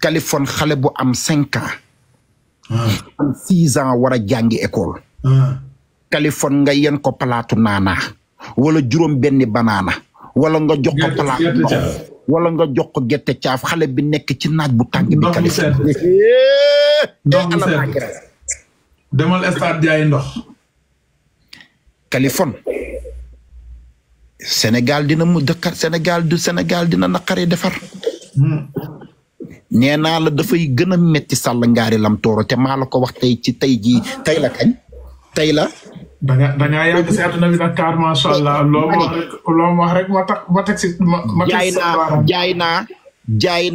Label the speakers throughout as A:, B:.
A: Kaliphone xale bu am cinq ans. Ah. am six ans war a jàngi école. Kaliphone ah. nga yen ko palaatu naana wala juróom benni banaana wala nga jox ko palaatu wala nga jox ko gerte caaf xale bi nekk ci naaj bu tàng bi Kaliphone
B: eh, eh, eh,
A: demal stade Sénégal dina mu dëkk Sénégal du Sénégal dina naqaree defar hmm. nee naa la dafay gën a metti sàll ngaari lam tooro te maa la ko wax tey ci tey jii
B: tey la kañ tey la. da nga da ngaa yàgg ma tax ma teg si ma ma jaay naa
A: jaay naa jaay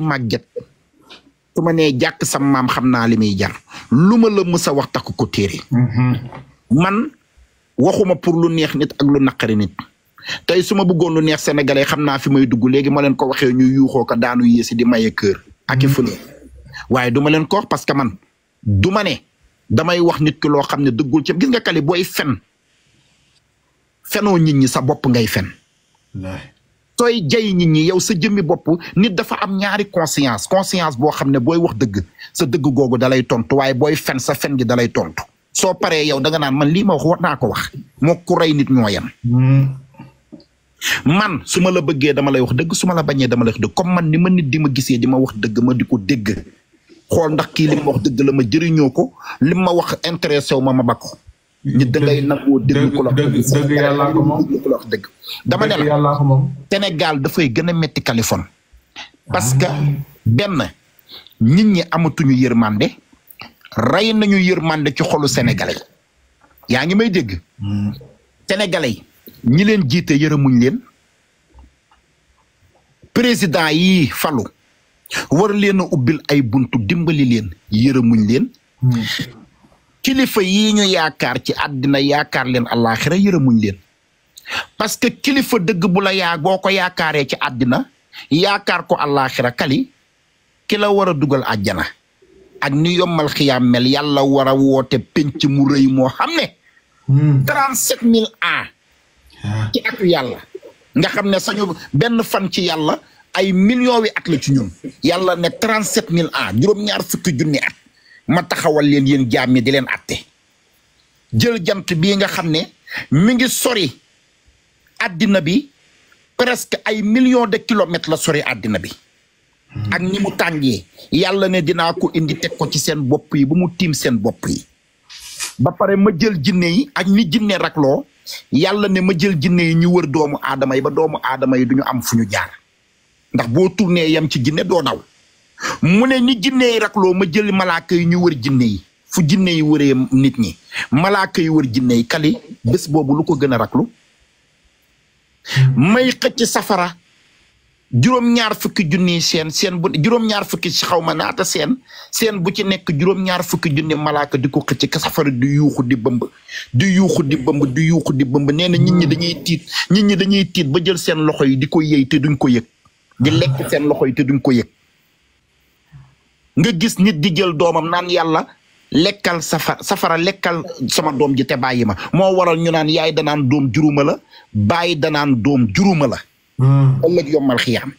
A: màgget. su ma nee jàkk maam xam naa li muy jar lu la mës a wax takk ko téere mhm. man waxuma pour lu neex nit ak lu naqari nit. tey su ma buggoon lu neex sénégalais xam naa fi may dugg léegi ma leen ko waxee ñu yuuxoo ko daanu yéesi di maye kër. ak i mm. fële waaye duma leen ko wax parce que man du ma ne damay wax nit ki loo xam ne dëggul ci gis nga kali booy fen fenoo nit ñi sa bopp ngay fen. sooy jay nit ñi yow sa jëmmi bopp nit dafa am ñaari conscience conscience boo xam ne booy wax dëgg sa dëgg googu dalay tontu waaye booy fen sa fen gi dalay tontu. soo paree yow da nga naan man lii ma wax war naa ko wax moo ku rey nit ñoo yem. Mm. man su ma la bëggee dama lay wax dëgg su ma la bañee dama lay wax dëgg comme man ni ma nit di ma gisee di ma wax dëgg ma di ko dégg xool ndax kii li ma wax dëgg la ma jëriñoo ko li ma wax intéressé wu ma ma bakko nit da ngay nangoo la wax dëgg yàlla ko moom ku la wax dëgg dama ne la Sénégal dafay gën a metti Californie parce que ah. benn nit ñi amatuñu yërmande rey nañu yërmande ci xolu sénégalais yaa ngi may dégg hmm. yi ñi leen jiite yërëmuñ leen président yi falu war leen a ubbil ay buntu dimbali leen yërëmuñ leen kilifa yi ñu yaakaar ci àddina yaakaar leen àllaaxira yërëmuñ leen parce que kilifa dëgg bula la yaa boo ko yaakaaree ci àddina yaakaar ko àllaaxira kali ki la war a dugal àjjana ak ni yombal xiyaam mel yàlla war a woote penc mu rëy moo xam ne hmm. trente ci atu yàlla nga xam ne sañu benn fan ci yàlla ay million wi at la ci ñun yàlla ne trente sept mille ans juróom-ñaar fukki junni at ma taxawal leen yéen jaam ñi di leen atte jël jant bi nga xam ne mi ngi sori addina bi presque ay millions de kilomètres la sori àddina bi ak ni mu tàngee yàlla ne dinaa ko indi teg ko ci seen bopp yi ba mu tiim seen bopp yi ba pare ma jël jinne yi ak ni jinne rakloo yàlla ne ma jël jinne yi ñu wër doomu aadama yi ba doomu aadama yi du ñu am fu ñu jaar ndax boo turnee yam ci jinne doo daw mu ne ni jinne yi rakloo ma jël malaaka yi ñu wër jinne yi fu jinne yi wëree nit ñi malaaka yi wër jinne yi kali bés boobu lu ko gën a raklu hmm. may xëcc safara juróom-ñaar fukki junni seen seen bu juróom-ñaar fukki si xaw ma naata seen seen bu ci nekk juróom fukki junni malaaka di ko xëcc ka safara di yuuxu di bëmb di yuuxu di bëmb di yuuxu di bëmb nee nit ñi dañuy tiit nit ñi dañuy tiit ba jël seen loxo yi di ko yëy te duñ ko yëg di lekk seen loxo yi te duñ ko yëg nga gis nit di jël doomam naan yàlla lekkal safara safara lekkal sama doom ji te bàyyi ma moo waral ñu naan yaay danaan doom juruma la bàyyi danaan doom juruma la ëllëg hmm. yombal xiyaam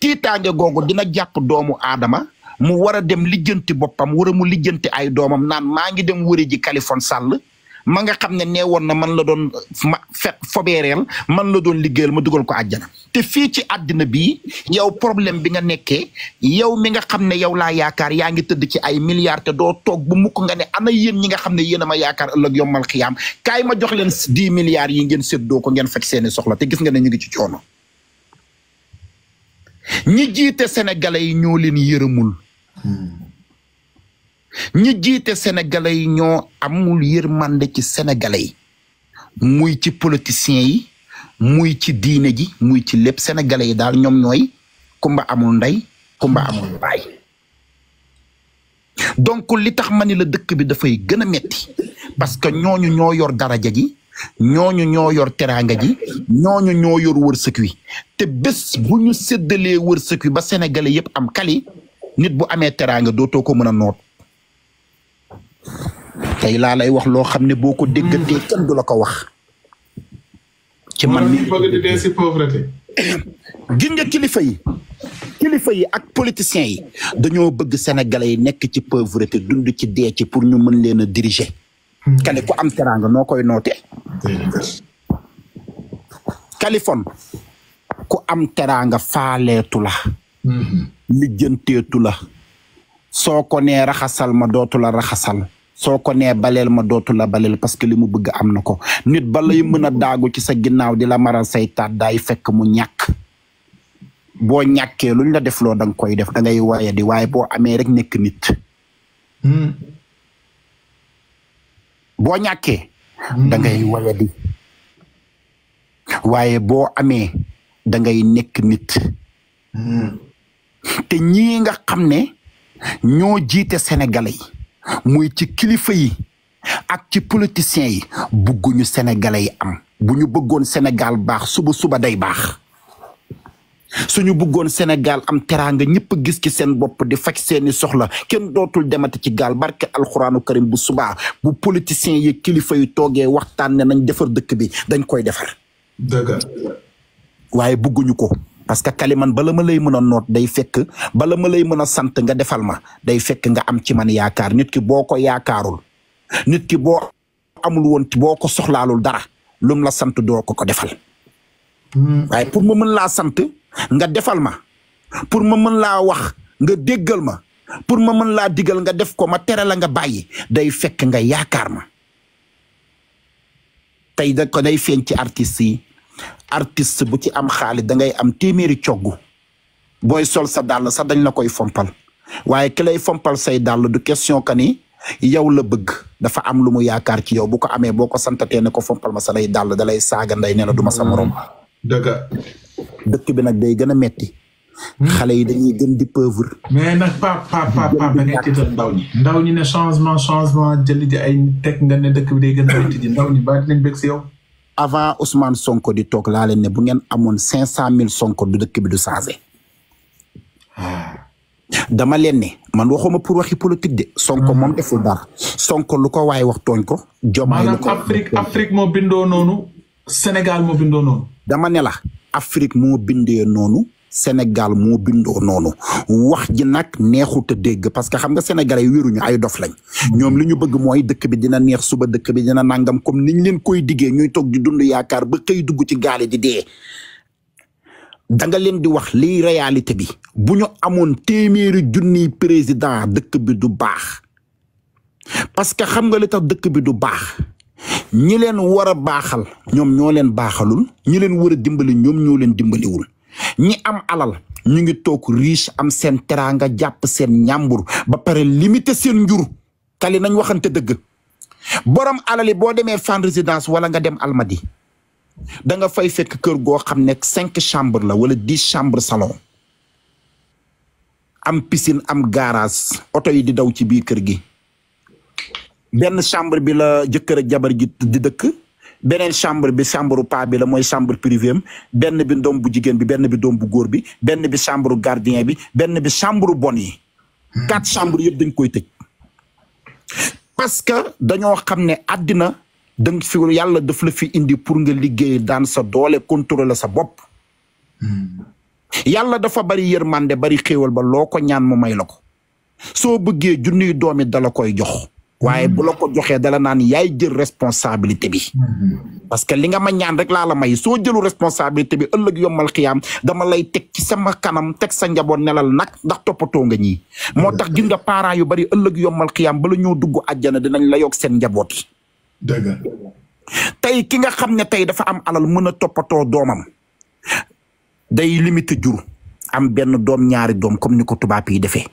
A: tiitaange googu dina jàpp doomu aadama mu war a dem lijjanti boppam wara mu lijjanti ay doomam naan maa ngi dem wëri ji Kalifon sàll ma nga xam ne nee woon na man la doon ma fe fobeereel man la doon liggéeyal ma dugal ko àjjana te fii ci addina bi yow problème bi nga nekke yaw mi nga xam ne yow laa yaakaar yaa ngi tëdd ci ay milliards te doo toog bu mukk nga ne ana yéen ñi nga xam ne yéen a ma yaakaar ëllëg yombal xiyaam kaay ma jox leen dix milliards yi ngeen séddoo ko ngeen faj seeni soxla te gis nga ne ñu ngi ci coono ñi jiite sénégalais yi ñoo leen yërëmul ñi jiite sénégalais yi ñoo amul yërmande ci sénégalais yi muy ci politiciens yi muy ci diine ji muy ci lépp sénégalais yi daal ñoom ñooy kumba amul ndey kumba amul baay donc li tax ma ni la dëkk bi dafay gën a metti parce que ñooñu ñoo yor daraja ji ñooñu ñoo yor teraanga ji ñooñu ñoo yor wërsëg wi te bés bu ñu séddalee wërsëg wi ba sénégalais yëpp am kali nit bu amee teraanga dootoo ko mën a noot tey laa lay wax loo xam ne boo ko déggatee kenn du la ko wax.
B: ci man mi bëgg kilifa yi kilifa
A: yi ak politiciens yi dañoo bëgg sénégalais yi nekk ci pauvreté dund ci dee ci pour ñu mën leen a diriger. Hmm. kale ku am teraanga noo koy noote Kaliphone ku am teraanga faaleetu la hmm. lijjanteetu la soo ko nee raxasal ma dootula raxasal soo ko nee baleel ma dootu la baleel parce que li mu bëgg am na ko nit ba lay mën a daagu ci sa ginnaaw di la maral say taat daay fekk mu ñàkk boo ñàkkee luñ la def loo da nga koy def dangay ngay waye di waaye boo amee rek nekk nit hmm. boo ñàkkee dangay ngay hmm. waaye boo amee da ngay nekk nit hmm. te ñii nga xam ne ñoo jiite sénégalais yi muy ci kilifa yi ak ci politiciens yi bëgguñu sénégalais yi am bu ñu bëggoon Sénégal baax suba suba day baax suñu bëggoon senegal am teraanga ñëpp gis ci seen bopp di faj seeni soxla kenn dootul demati ci gaal barke alxuraanu karim bu subaa bu politiciens yi kilifa yu toogee waxtaan ne nañ defar dëkk bi dañ koy defar. dëgg waaye bëgguñu ko. parce que kaliman bala ma lay mën a noot day fekk bala ma lay mën a sant nga defal ma day fekk nga am ci man yaakaar nit ki boo ko yaakaarul nit ki boo amul woon boo ko soxlaalul dara lum la sant doo ko ko defal. Hmm. waaye pour mu mën laa sant. nga defal ma pour ma mën laa wax nga déggal ma pour ma mën laa digal nga def ko ma tere la nga bàyyi day fekk nga yaakaar ma tey da ko day feeñ ci artistes yi artiste bu ci am xaalis dangay am téeméeri coggu booy sol sa dàll sa dañ la koy fompal waaye ki lay fompal say dàll du question que ni yow la bëgg dafa am lu mu yaakaar ci yow bu ko amee boo ko santatee ne ko fompal ma sa lay dàll da lay saaga nday ne la du ma sa moroom dëkk bi nag day gën a metti xale yi dañuy gën di pauvre.
B: mais na Pape Pape Pape da ngay tiital ndaw ñi. ndaw ñi ne changement changement jëli di ay teg nga ne dëkk bi day gën a metti si yow. avant Ousmane
A: Sonko di toog laa leen ne bu ngeen amoon cinq cent mille Sonko du dëkk bi du changé. dama leen ne man waxuma pour waxi politique de. Sonko hmm. moom deful dara. Sonko lu ko waaye wax tooñ ko. jomaay lu ko Afrique Afrique
B: bindoo noonu. Sénégal
A: mo bindoo noonu. dama ne la. Afrique moo bindee noonu Sénégal moo bindoo noonu wax ji nag neexut a dégg parce que xam nga sénégalais yi wéruñu ay dof lañ. ñoom li ñu bëgg mooy dëkk bi dina neex suba dëkk bi dina nangam comme niñ leen koy diggee ñuy toog di dund yaakaar ba xëy dugg ci gaale di dee. da nga leen di wax liy réalité bi bu ñu amoon téeméeri junniy président dëkk bi du baax parce que xam nga li tax dëkk bi du baax. ñi leen war a baaxal ñoom ñoo leen baaxalul ñi leen war a dimbali ñoom ñoo leen dimbaliwul ñi am alal ñu ngi toog riche am seen teraanga jàpp seen ñàmbur ba pare limité seen njur tali nañ waxante dëgg borom alali boo demee fan résidence wala nga dem almadi da nga fay fekk kër goo xam ne cinq chambre la wala dix chambre salon am piscine am garage oto yi di daw ci biir kër gi benn chambre bi la jëkkër ak jabar ji di dëkk beneen chambre bi chambre pa bi la mooy chambre privée benn bi doom bu jigéen bi benn bi doom bu góor bi benn bi chambre gardien bi benn bi chambre bon yi hmm. quatre chambres yëpp dañ koy tëj parce que dañoo xam ne àddina danga fi yàlla daf la fi indi pour nga liggéey daan sa doole contrôler sa bopp hmm. yàlla dafa bari yërmande bari xéewal ba loo ko ñaan mu may la ko soo bëggee junniy doomi dala koy jox waaye mm-hmm. bu la ko joxee dala naan yaay jël responsabilité bi
B: mm-hmm.
A: parce que li nga ma ñaan rek laa la may soo jëlu responsabilité bi ëllëg yombal xiyaam dama lay teg ci sama kanam teg sa njaboot nelal nag ndax toppatoo nga ñi moo tax gis parent yu bari ëllëg yombal xiyaam bala ñoo dugg àjjana dinañ la yokk seen njaboot yi tey ki nga xam ne tey dafa am alal mën a toppatoo doomam day limité jur am benn doom ñaari doom comme ni ko tubaab yi defee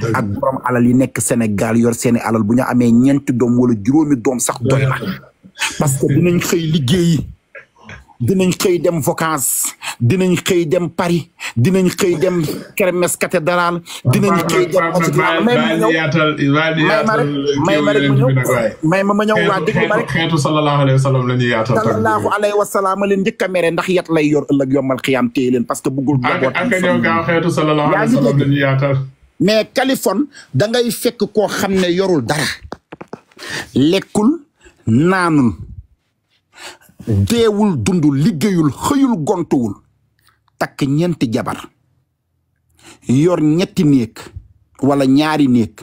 A: a borom alal yi nekk Sénégal yor seeni alal bu ñu amee ñeenti doom wala juróomi doom sax doy na parce que dinañ xëy liggéeyi dinañ xëy dem vacances dinañ xëy dem Paris dinañ xëy dem kermesse cathédrale dinañ xëy dem a may ma ñëw may ma rek ma ñëw may ma ma ñëw waa rek xeetu
B: sallallahu alayhi wa sallam la ñuy yaatal
A: wa sallam leen njëkk a ndax yat lay yor ëllëg yombal xiyaam téye leen parce que bëggul njaboot ak ñëw gaaw xeetu sallallahu alayhi wa sallam la ñuy mais Kaliphone da ngay fekk koo xam ne yorul dara lekkul naanul deewul dundul liggéeyul xëyul gontuwul takk ñeenti jabar yor ñetti néeg walla ñaari néeg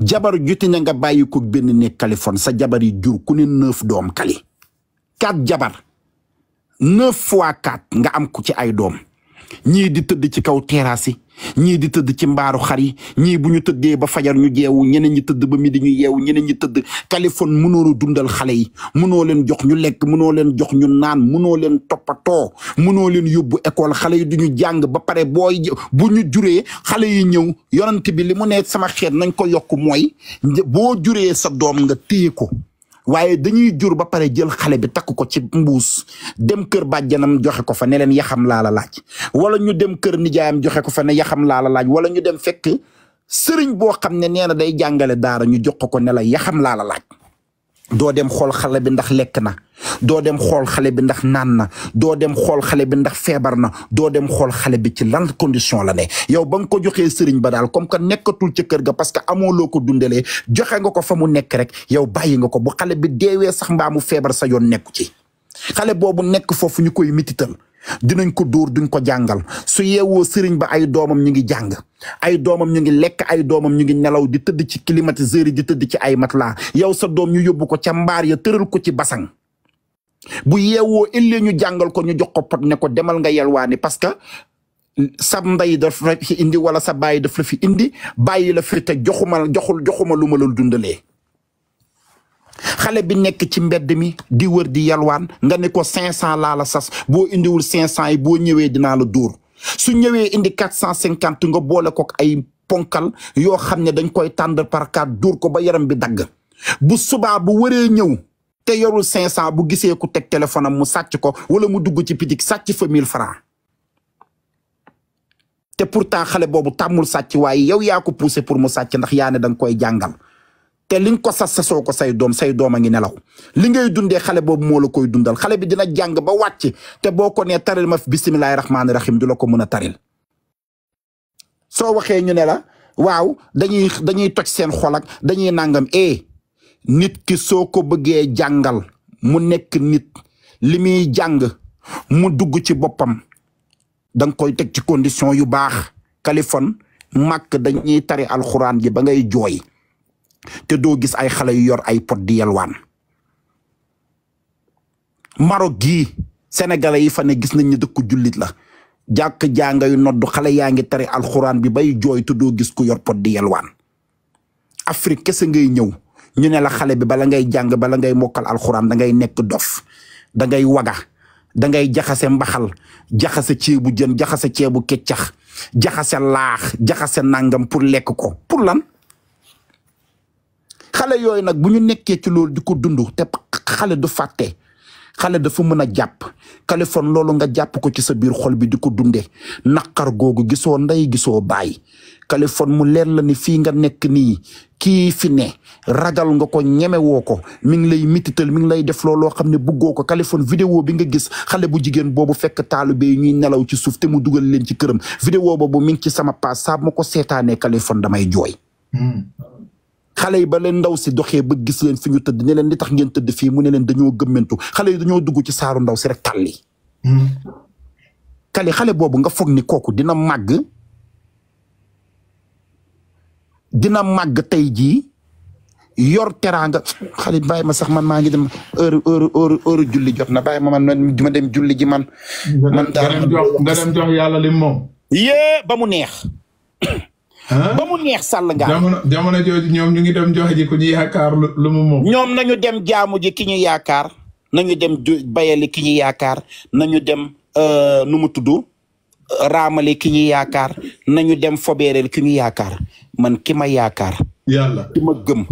A: jabar juti na nga bàyyi ko benn néeg Kaliphone sa jabari yi jur ku ne neuf doom kali quatre jabar neuf fois quatre nga am ku ci ay doom ñii di tëdd ci kaw terrasse yi ñii di tëdd ci mbaaru xar yi ñii bu ñu tëddee ba fajar ñu jeewu ñeneen ñi tëdd ba midi ñu yeewu ñeneen ñi tëdd téléphone mënoo dundal xale yi mënoo leen jox ñu lekk mënoo leen jox ñu naan mënoo leen toppatoo mënoo leen yóbbu école xale yi duñu jàng ba pare booy bu juree xale yi ñëw yonent bi li mu ne sama xeet nañ ko yokk mooy boo juree sa doom nga téye ko waaye dañuy jur ba pare jël xale bi takk ko ci mbuus dem kër bàjjanam joxe ko fa ne leen yaxam laa la laaj wala ñu dem kër nijaayam joxe ko fa ne yaxam laa la laaj wala ñu dem fekk sëriñ boo xam ne nee na day jàngale daara ñu jox ko ko ne la yaxam laa la laaj doo dem xool xale bi ndax lekk na doo dem xool xale bi ndax naan na doo dem xool xale bi ndax feebar na doo dem xool xale bi ci lan condition la ne yow ba nga ko joxee sëriñ ba daal comme que nekkatul ca kër ga parce que amoo loo ko dundalee joxe nga ko fa mu nekk rek yow bàyyi nga ko bu xale bi deewee sax mbaa feebar sax yoon nekku ci xale boobu nekk foofu ñu koy mitital dinañ ko dóor duñ ko jàngal su yeewoo sëriñ ba ay doomam ñu ngi jàng ay doomam ñu ngi lekk ay doomam ñu ngi nelaw di tëdd ci climatiseur yi di tëdd ci ay matelas yow sa doom ñu yóbbu ko ca mbaar ya tëral ko ci basang bu yeewoo ëllëg ñu jàngal ko ñu jox ko pot ne ko demal nga yelwaani parce que sa ndey daf la indi wala sa baay daf la fi indi bàyyi la fi te joxuma joxul joxuma lu ma la dundalee xale bi nekk ci mbedd mi di wër di yalwaan nga ne ko 500 cent la sas boo indiwul 500 yi boo ñëwee dinaa la dóor su ñëwee indi cent 450 nga boole ko ay ponkal yoo xam ne dañ koy tànd par quatre dóor ko ba yaram bi dagg bu subaa bu waree ñëw te yorul cent bu gisee ku teg téléphone mu sàcc ko wala mu dugg ci bitik sàcc fa 1000 francs te pourtant xale boobu tàmmul sàcc waaye yow yaa ko poussé pour mu sàcc ndax yaa ne da koy jàngal. te li nga ko sas sasoo ko say doom say doom a ngi nelaw li ngay dundee xale boobu moo la koy dundal xale bi dina jàng ba wàcc te boo ko nee taril ma bisimilahi rahmaani rahim du la ko mën a taril soo waxee ñu ne la waaw dañuy dañuy toj seen xol ak dañuy nangam e nit ki soo ko bëggee jàngal mu nekk nit li muy jàng mu dugg ci boppam da koy teg ci condition yu baax Kaliphone màkk dañuy tari alxuraan ji ba ngay jooy te doo gis ay xale yu yor ay pot di yalwaan Maroc gii sénégalais yi fa ne gis nañ ne dëkku jullit la jàkk jànga yu noddu xale yaa ngi tari alxuraan bi bay jooy te doo gis ku yor pot di yalwaan Afrique kese ngay ñëw ñu ne la xale bi bala ngay jàng bala ngay mokkal alxuraan dangay nekk dof dangay waga dangay jaxase mbaxal jaxase ceebu jën jaxase ceebu keccax jaxase laax jaxase nangam pour lekk ko pour lan. xale yooyu nag bu ñu nekkee ci loolu di ko dundu te xale du fàtte xale dafa mën a jàpp Kaliphone loolu nga jàpp ko ci sa biir xol bi di ko dundee naqar googu gisoo nday gisoo baay Kaliphone mu leen la ni fii nga nekk nii kii fi ne ragal nga ko ñemewoo ko mi ngi lay mitital mi ngi lay def looloo xam ne buggoo ko Kaliphone vidéo bi nga gis xale bu jigéen boobu fekk taalu yi ñuy nelaw ci suuf te mu dugal leen ci këram vidéo boobu mi ngi ci sama paas saa ma ko seetaanee Kaliphone damay jooy. Hmm. xale yi ba leen ndaw si doxee ba gis leen fi ñu tëdd ne leen di tax ngeen tëdd fii mu ne leen dañoo gëmmentu xale yi dañoo dugg ci saaru ndaw si rek tàlli hmm. kale xale boobu nga foog ni kooku dina màgg dina màgg tey jii yor teraanga xale bàyyi ma sax man maa ngi dem heure julli jot na ma man ma dem julli
B: ji man. man daal nga dem lim moom. yee ba mu neex. ba
A: mu neex sàll gaal. jamono
B: jamono jooju ñoom ñu ngi dem joxe ji ku ñu yaakaar
A: lu mu moom. ñoom nañu dem jaamu ji ki ñu yaakaar nañu dem bayali ki ñu yaakaar nañu dem euh, nu mu tudd raamali ki ñu yaakaar nañu dem fobeereel ki ñu yaakaar man ki ma yaakaar. yàlla ki gëm.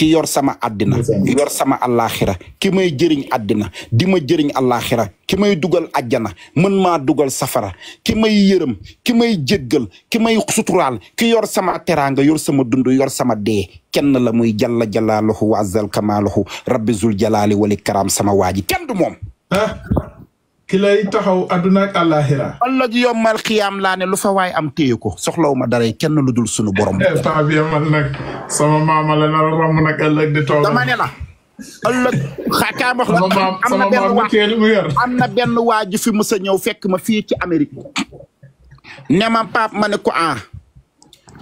A: ki yor sama àddina yor sama allaaxira ki may jëriñ àddina di ma jëriñ allaaxira ki may dugal àjjana mën maa dugal safara ki may yërëm ki may jéggal ki may suturaal ki yor sama teraanga yor sama dund yor sama de kenn la muy jalla jalaaluhu wa azal kamaaluhu rabbi zul jalaali wal ikram sama waa ji kenn ki lay taxaw adduna ak àllaaxira. ëllëg yombal xiyaam laa ne lu fa waay am téye ko soxlawu ma dara kenn lu dul sunu borom. temps eh, bi man nag sama maama la nar a romb nag ëllëg di toog. dama ne la ëllëg xaakaa wax la am na benn waa am na benn waa ju fi mës a ñëw fekk ma fii ci Amérique. ne ma pap ma ne ko ah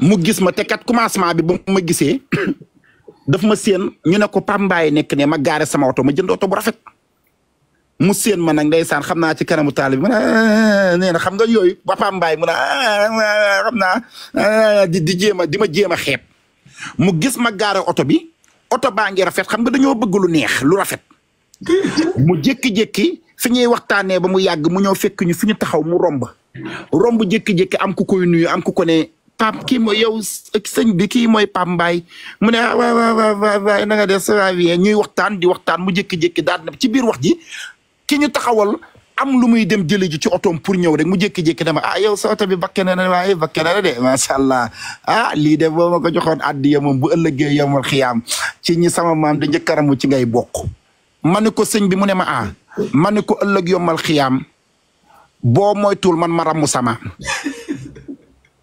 A: mu gis ma te kat commencement bi ba ma gisee daf ma séen ñu ne ko Pape Mbaye nekk ne ma gaare sama oto ma jënd oto bu rafet. mu séen ma nag ndeysaan xam naa ci kanamu taalibe bi mu ne eh, nee na xam nga yooyu Papa Mbaye mu ne eh, xam naa eh, di di jéem a di ma jéem a xeeb mu gis ma gaare oto bi oto baa ngi rafet xam nga dañoo bëgg lu neex lu rafet mu jékki-jékki fi ñuy waxtaanee ba mu yàgg mu ñëw fekk ñu fi ñu taxaw mu romb romb jékki-jékki am ku koy nuyu am ku ko ne Pape kii mooy yow sëñ bi kii mooy Pape Mbaye mu ne ah, waay waay waay waay na nga def ça va bien ñuy waxtaan di waxtaan mu jékki-jékki daal na ci biir wax ji ki ñu taxawal am lu muy dem jëli ji ci otoom pour ñëw rek mu jékki-jékki dama ah yow sa bi bakke na ne waaye de macha allah ah lii de boo ma ko joxoon addiya moom bu ëllëgee yomal xiyaam ci ñi sama maam di njëkkaramu ci ngay bokk ma ne ko sëñ bi mu ne ma ah ma ne ko ëllëg yomal xiyaam boo moytuwul man ma ramu sama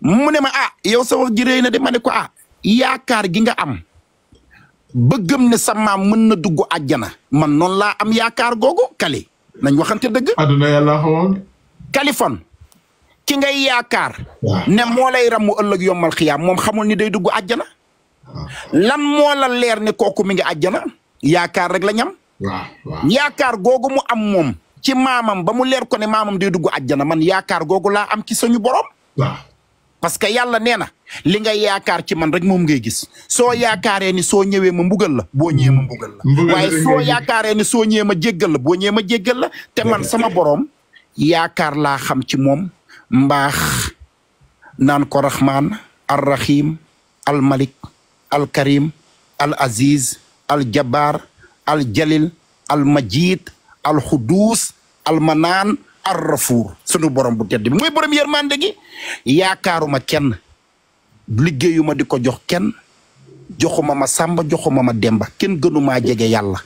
A: mu ne ma ah yow sa wax na de ma ne ko ah yaakaar gi nga am bëggam ne sa maam mën na dugg àjjana man noonu laa am yaakaar googu kale nañ waxante dëgg. àdduna yàlla ki ngay yaakaar. ne moo lay ràmm yombal xiyaam moom xamul ni day dugg àjjana. lan moo leer ne kooku mi ngi àjjana. yaakaar rek la ñam. yaakaar googu mu am moom. ci maamam ba mu leer ko ne maamam day dugg àjjana man yaakaar googu laa am ci suñu borom. parce que yàlla nee na li nga yaakaar ci man rek moom ngay gis soo yaakaaree ni soo ñëwee ma mbugal la boo ñëwee ma
B: mbugal la waaye soo
A: yaakaaree ni soo ñëwee ma jéggal la boo ma jéggal te man sama boroom yaakaar laa xam ci moom mbaax naan ko rahman ar rahim al malik al karim al aziz al jabar al jalil al majid al xuduus al manaan arrafuur sunu borom bu tedd bi mooy borom yërmande gi yaakaaruma kenn liggéeyuma di ko jox kenn joxuma ma samba joxuma ma demba kenn gënumaa jege yàlla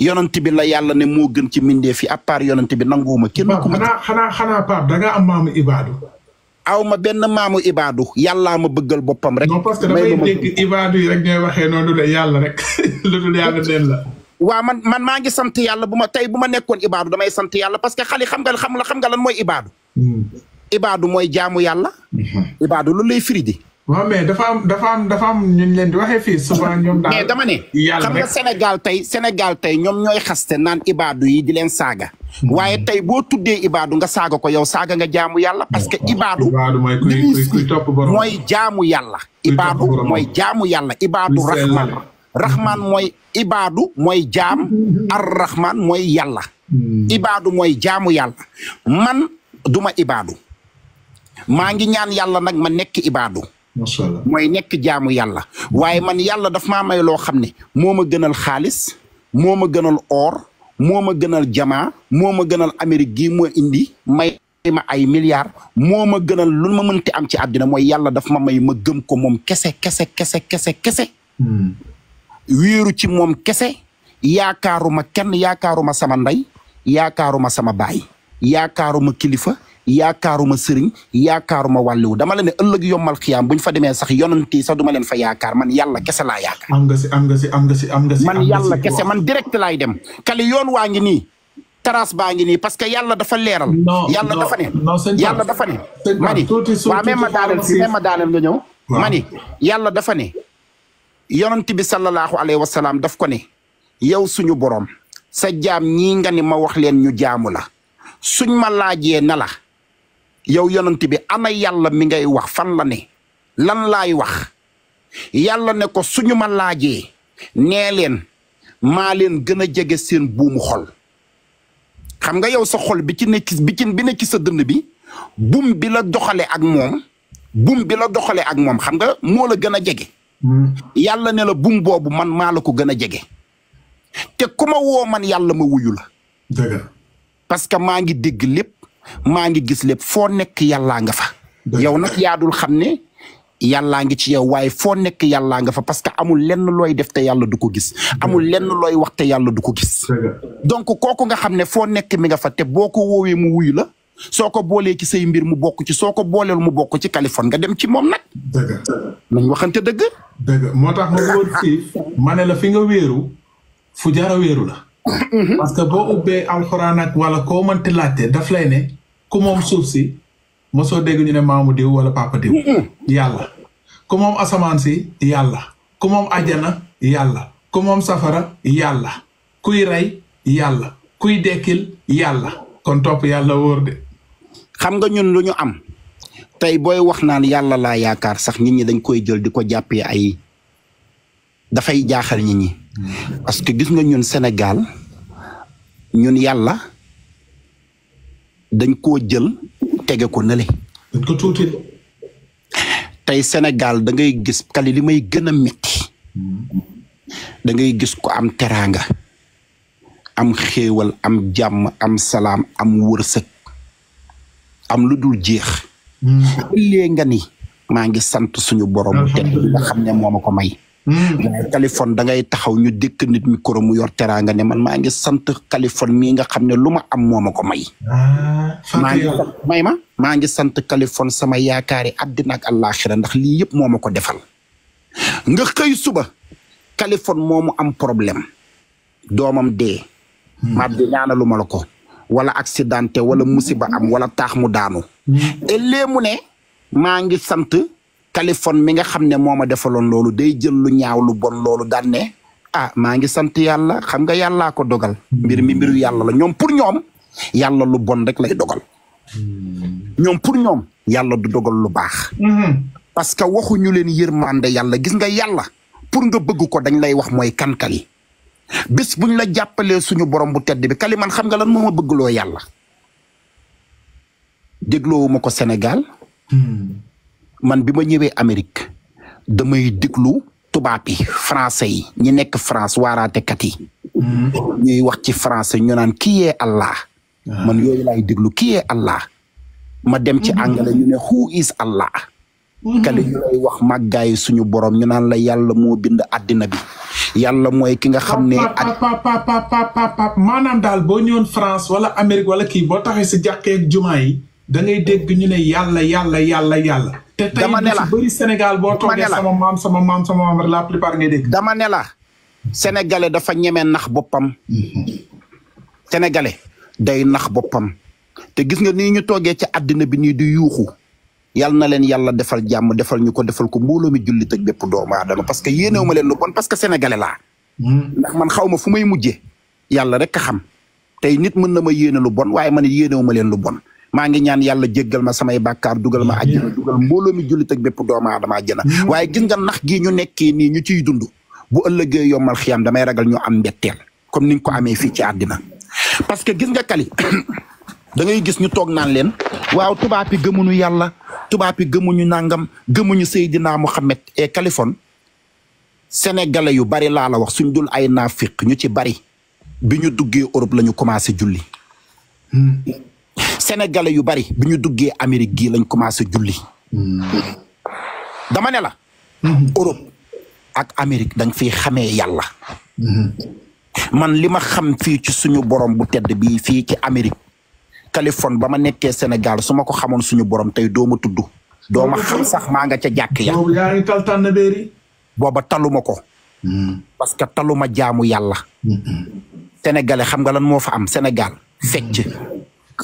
A: yonent bi la yàlla ne moo gën ci mindee fi à part yonent bi nanguwuma kenn ku ma xanaa xanaa Pape da nga am maamu ibaadu aw ma benn maamu ibaadu
B: yàllaa ma bëggal boppam rek non parce que damay dégg ibaadu yi rek ngay waxee noonu de yàlla rek
A: waa man man maa ngi sant yàlla bu ma tey bu ma nekkoon ibaadu damay sant yàlla parce que xali xam nga xam la xam nga lan mooy ibaadu. Hmm. ibaadu mooy jaamu yàlla. Hmm. ibaadu loolu lay firi
B: di. waaw mais dafa am dafa am am ñun leen di waxee fii dama ne xam nga
A: Sénégal tey senegal tey ñoom ñooy xaste naan ibaadu yi di leen saaga hmm. waaye tey boo tuddee ibaadu nga saaga ko yow saaga nga jaamu yàlla parce que ibaadu mooy jaamu yàlla ibaadu mooy jaamu yàlla ibaadu rahman raxmaan mooy ibaadu mooy jaam ar mooy yàlla hmm. ibaadu mooy jaamu yàlla man duma ibaadu maa ngi ñaan yàlla nag ma nekk ibaadu mooy nekk jaamu yàlla waaye man yàlla daf ma may loo xam ne moom ma gënal xaalis moo ma gënal oor moo a gënal jamaa moo ma gënal Amérique gii moo indi may ma ay milliards moo ma gënal lu ma mënti am ci àddina mooy yàlla daf ma may ma gëm ko moom kese kese kese kese kese hmm. wéeru ci moom kese yaakaaruma kenn yaakaaruma sama ndey yaakaaruma sama baay yaakaaruma kilifa yaakaaruma sëriñ yaakaaruma wàlliwu dama la ne ëllëg yombal xiyaam buñ fa demee sax yonent yi ma leen fa yaakaar man yàlla kese laa yaakaar.
B: am nga si am nga si am nga man yàlla kese
A: dem. kali yoon waa ngi nii trace baa ngi nii parce que yàlla dafa leeral. yàlla dafa ne yàlla dafa ne. mani waa même ma daaneel si même ma daaneel nga ñëw. mani yàlla dafa ne. yonent bi sallallahu alayhi wa salaam daf ko ne yow suñu borom sa jaam ñii nga ni ma wax leen ñu jaamu la suñ ma laajee na yow yonent bi ana yàlla mi ngay wax fan la ne lan laay wax yàlla ne ko suñu ma laajee nee leen maa leen gën a jege seen buumu xol xam nga yow sa xol bi ci nekk bi ci bi nekk sa dënd bi buum bila la doxale ak moom buum bi la doxale ak moom xam nga moo la gën a jege yàlla ne la bum boobu man maa la ko gën a jege. te ku ma woo man yàlla ma wuyu la. parce que maa ngi dégg lépp maa ngi gis lépp foo nekk yàllaa nga fa. yow nag yaadul xam ne yàllaa ngi ci yow waaye foo nekk yàllaa nga fa parce que amul lenn looy def te yàlla du ko gis. amul lenn looy wax te yàlla du ko gis. donc kooku nga xam ne foo nekk mi nga fa te boo ko woowee mu wuyu la. soo ko boolee ci say mbir mu bokk ci soo ko booleelu mu bokk ci Kaliphone nga dem ci moom nag.
B: dëgg nañ dëgg. moo tax ma wóor fii ma ne la fi nga wéeru fu jara wéeru la. Mhm. parce que boo ubbee alxuraan wala koo mënti laajte daf lay ne ku suuf si mosoo dégg ñu ne maamu diw wala papa diw. Mhm. yàlla ku moom asamaan si yàlla ku moom ajana yàlla ku moom safara yàlla kuy rey yàlla kuy dekkil yàlla kon topp yàlla wóor de. xam nga ñun lu ñu am
A: tey booy wax naan yàlla laa yaakaar sax nit ñi dañ koy jël di ko jàppee ay dafay jaaxal nit ñi parce que gis nga ñun Sénégal ñun yàlla dañ koo jël tege ko nële. dañ tey senegal dangay gis kali li may gën a métti da ngay gis ko am teraanga am xéewal am jàmm am salaam am wërsëg. am lu dul jeex. ëllee mm. nga ni maa ngi sant suñu borom te li nga xam ne moo ma ko may. Mm. waaye Kaliphone da ngay taxaw ñu dëkk nit micro mu yor teraanga ne man maa ngi sant Kaliphone mii nga xam ne lu ma am moo ma ko may. Ah, maa ngi sant may sama yaakaari àddina ak àllaaxira ndax lii yëpp moo ma ko defal. nga xëy suba Kaliphone moomu am problème doomam dee. Mm. ma bi ñaana lu ma la ko. wala accidenté wala musiba am wala taax mu daanu e lée mu ne maa ngi sant Kalifone mi nga xam ne moo ma defaloon loolu day jël lu ñaaw lu bon loolu daan ne ah maa ngi sant yàlla xam nga yàllaa ko dogal mbir mi mbir yàlla la ñoom pour ñoom yàlla lu bon rek lay dogal ñoom pour ñoom yàlla du dogal lu baax parce que waxuñu leen yërmande yàlla gis nga yàlla pour nga bëgg ko dañ lay wax mooy kankali bis ñu la jàppalee suñu borom bu tedd bi kaliman xam nga lan moo ma bëggloo yàlla dégloowuma ko Sénégal hmm. man bi ma ñëwee Amérique damay déglu tubaab yi français yi ñi nekk France waaraatekat yi hmm. ñuy wax ci français ñu naan qui est Allah ah. man yooyu laay déglu qui Allah ma dem ci hmm. anglais ñu ne who is Allah kali ñu lay wax màggaayu suñu boroom ñu naan la yàlla moo bind àddina bi yàlla mooy ki nga
B: xam ne. ak pap maanaam daal boo ñëwoon France wala Amérique wala kii boo taxee si jàkkee ak jumaa yi da ngay dégg ñu ne yàlla yàlla yàlla yàlla. te tey lu bëri boo toogee sama sama maam sama la plupart dama ne la sénégalais
A: dafa ñeme nax boppam. sénégalais day nax boppam. te gis nga ni ñu toogee ci àddina bi nii di yuuxu. yal na leen yàlla defal jàmm defal ñu ko defal ko mbooloo mi jullit ak bépp doomu aadama parce que yéenewu ma leen lu bon parce que sénégalais hmm. ndax man xaw ma fu may mujje yàlla rek a xam tey nit mën na ma yéene lu bon waaye man yéenewu ma leen lu bon maa ngi ñaan yàlla jéggal ma samay bàkkaar dugal ma àjjana hmm. dugal mi jullit ak bépp doomu aadama àjjana. Hmm. waaye gis nga nax gii ñu nekkee nii ñu ciy dund bu ëllëgee yombal xiyam damay ragal ñu am mbetteel comme ni nga ko amee fii ci àddina parce que gis nga kali da ngay gis ñu toog naan leen waaw tubaab yi gëmuñu yàlla tubaab yi gëmuñu nangam gëmuñu Seydina Mohamed et eh, Californie sénégalais yu bari laa la wax suñ dul ay naafiq ñu ci bari bi ñu duggee Europe lañu ñu commencé julli. sénégalais yu bari bi ñu duggee Amérique gii lañ commencé julli. dama ne la. Europe ak Amérique dañ fi xamee yàlla. man lima xam fii ci suñu borom bu tedd bii fii ci Amérique. Kaliphone ba ma nekkee Sénégal su ma ko xamoon suñu borom tey doo ma tudd. doo xam sax maa nga ca jàkk ya. boobu yaa ngi tal taluma ko. Hmm. parce que taluma jaamu yàlla. sénégalais xam nga lan moo fa am Sénégal fecc.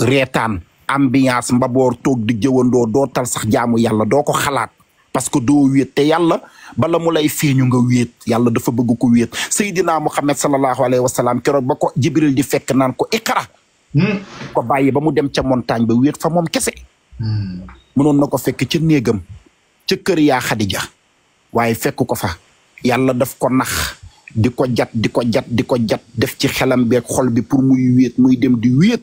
A: reetaan ambiance mbaboor toog di jëwandoo doo tal sax jaamu yàlla doo ko xalaat. parce que doo wéet te yàlla bala mu lay feeñu nga wéet yàlla dafa bëgg ko wéet Seydina Muhammad sallallahu alayhi wa sallam keroog ba ko Jibril di fekk naan ko iqra Hmm? ko bàyyi ba mu dem ca montagne ba wéet fa moom kese. Hmm. mënoon na ko fekk ca néegam ca kër yaa Xadija waaye fekk ko fa yàlla def ko nax di ko jat di ko jat di ko jat def ci xelam beeg xol bi pour muy wéet muy dem di wéet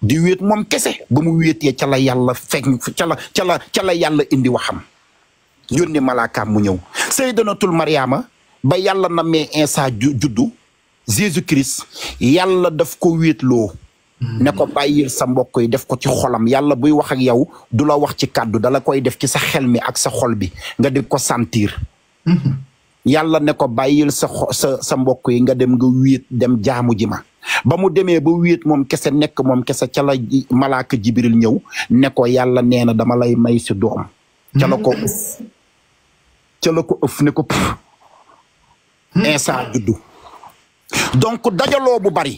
A: di wéet moom kese ba mu wéetee ca la yàlla fekk ca la yàlla indi waxam yónni malaakaam mu ñëw sayyidatul mariyama ba yàlla na mee Insa juddu Jésus Christ yàlla def ko wéetloo. Hmm. ne ko bàyyil sa mbokk yi def ko ci xolam yàlla buy wax ak yow du la wax ci kàddu dala koy def ci sa xel mi ak sa xol bi nga di ko santir hmm. yàlla ne ko bàyyil sa sa mbokk yi nga dem nga wéet dem jaamu ji ma ba mu demee ba wéet moom kese nekk moom kese cala la malaaka jibril ñëw ne ko yàlla nee na dama lay may si doom ca la ko ëf hmm. ca la ko ëf ne ko juddu donc dajaloo bu bari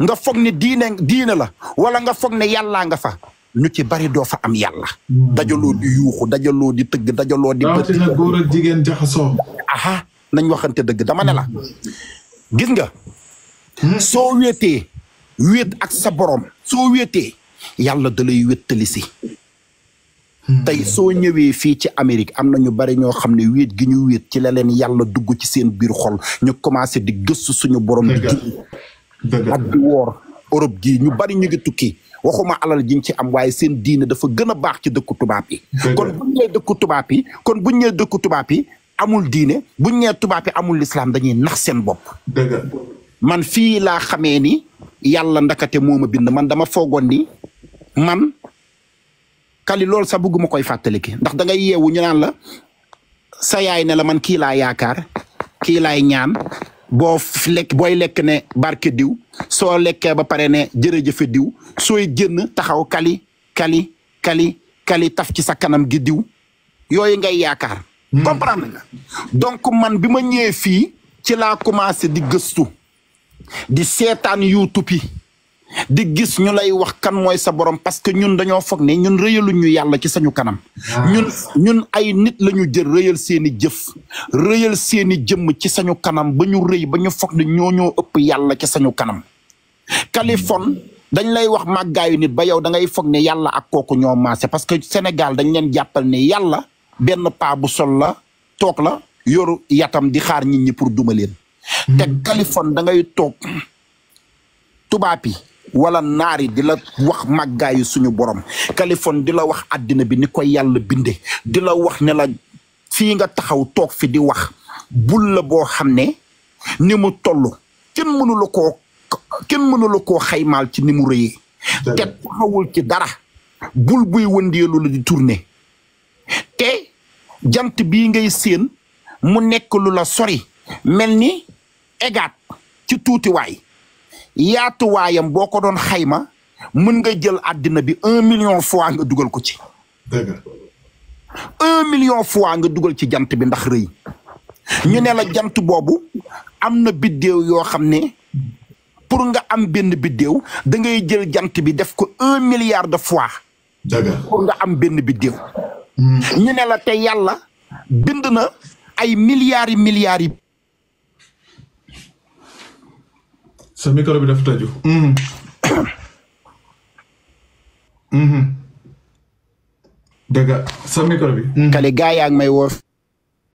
A: nga foog ni diine diine la wala nga foog ne yàllaa nga fa ñu ci bari doo fa am yàlla. Hmm. dajaloo di yuuxu dajaloo di tëgg dajaloo di. rawatina góor ak nañ waxante dëgg dama ne la gis nga. Hmm? soo wéetee wéet ak sa borom. soo wéetee yàlla da lay wéttali si. Hmm. tey soo ñëwee fii ci Amérique am na ñu bari ñoo xam ne wéet gi ñu wéet ci la leen yàlla dugg ci seen biir xol ñu commencé di gëstu suñu borom. di ak di woor Europe gii ñu bari ñu ngi tukki. waxuma alal jiñ ci am waaye seen diine dafa gën a baax ci dëkku tubaab yi. kon buñ ñee dëkku tubaab yi kon buñ dëkku tubaab yi amul diine buñ ñee tubaab yi amul lislaam dañuy nax seen bopp. man fii laa xamee ni yàlla ndakate moo ma bind man dama foogoon ni man. kali lool sa bëgguma koy fàttaliki ndax dangay ngay yeewu ñu naan la sa yaay ne la man kii laa yaakaar kii laay ñaan boo lekk booy lekk ne barke diw soo lekkee ba pare ne jërëjëfe diw sooy génn taxaw kali kali kali kali taf ci sa kanam gi diw yooyu ngay yaakaar hmm. comprendre nga donc man bi ma ñëwee fii ci laa commencé di gëstu di seetaan YouTube yi di gis ñu lay wax kan mooy sa borom parce que ñun dañoo foog ni ñun rëyaluñ ñu yàlla ci sañu kanam. ñun ñun ay nit lañu jël rëyal seeni jëf. rëyal seeni i jëmm ci sañu kanam ba ñu rëy ba ñu foog ne ñoo ñoo ëpp yàlla ci sañu kanam. Californie dañ lay wax màggaayu nit ba yow da ngay foog ne yàlla ak kooku ñoo maase parce que senegal dañ leen jàppal ne yàlla benn paabu sol la toog la yoru yatam di xaar nit ñi pour duma leen. Hmm. te Californie da toog tubaab yi walla naari di la wax màggaayu suñu borom Kaliphone di la wax àddina bi ni ko yàlla binde di la wax ne la fii nga taxaw toog fi di wax bul la boo xam ne ni mu toll kenn mënula ko koo xaymaal ci ni mu rëyee te taxawul ci dara bul buy wëndeelu la di tourner te jant bii ngay séen mu nekk lu la sori mel ni egaat ci tuutiwaay yaatuwaayam boo ko doon xayma mën nga jël àddina bi un million fois nga dugal ko ci. un million fois nga dugal ci jant bi ndax rëy. ñu ne la jant boobu am na biddéew yoo xam ne pour nga am benn biddéew dangay jël jant bi def ko un milliard de fois. pour nga am benn biddéew. Hmm. ñu ne la te yàlla bind na ay milliards yi
B: sa micro bi dafa tëju. Mm-hmm. Mm-hmm. dëgg sa micro bi. Mm-hmm. kale gaa yaa ngi may woo.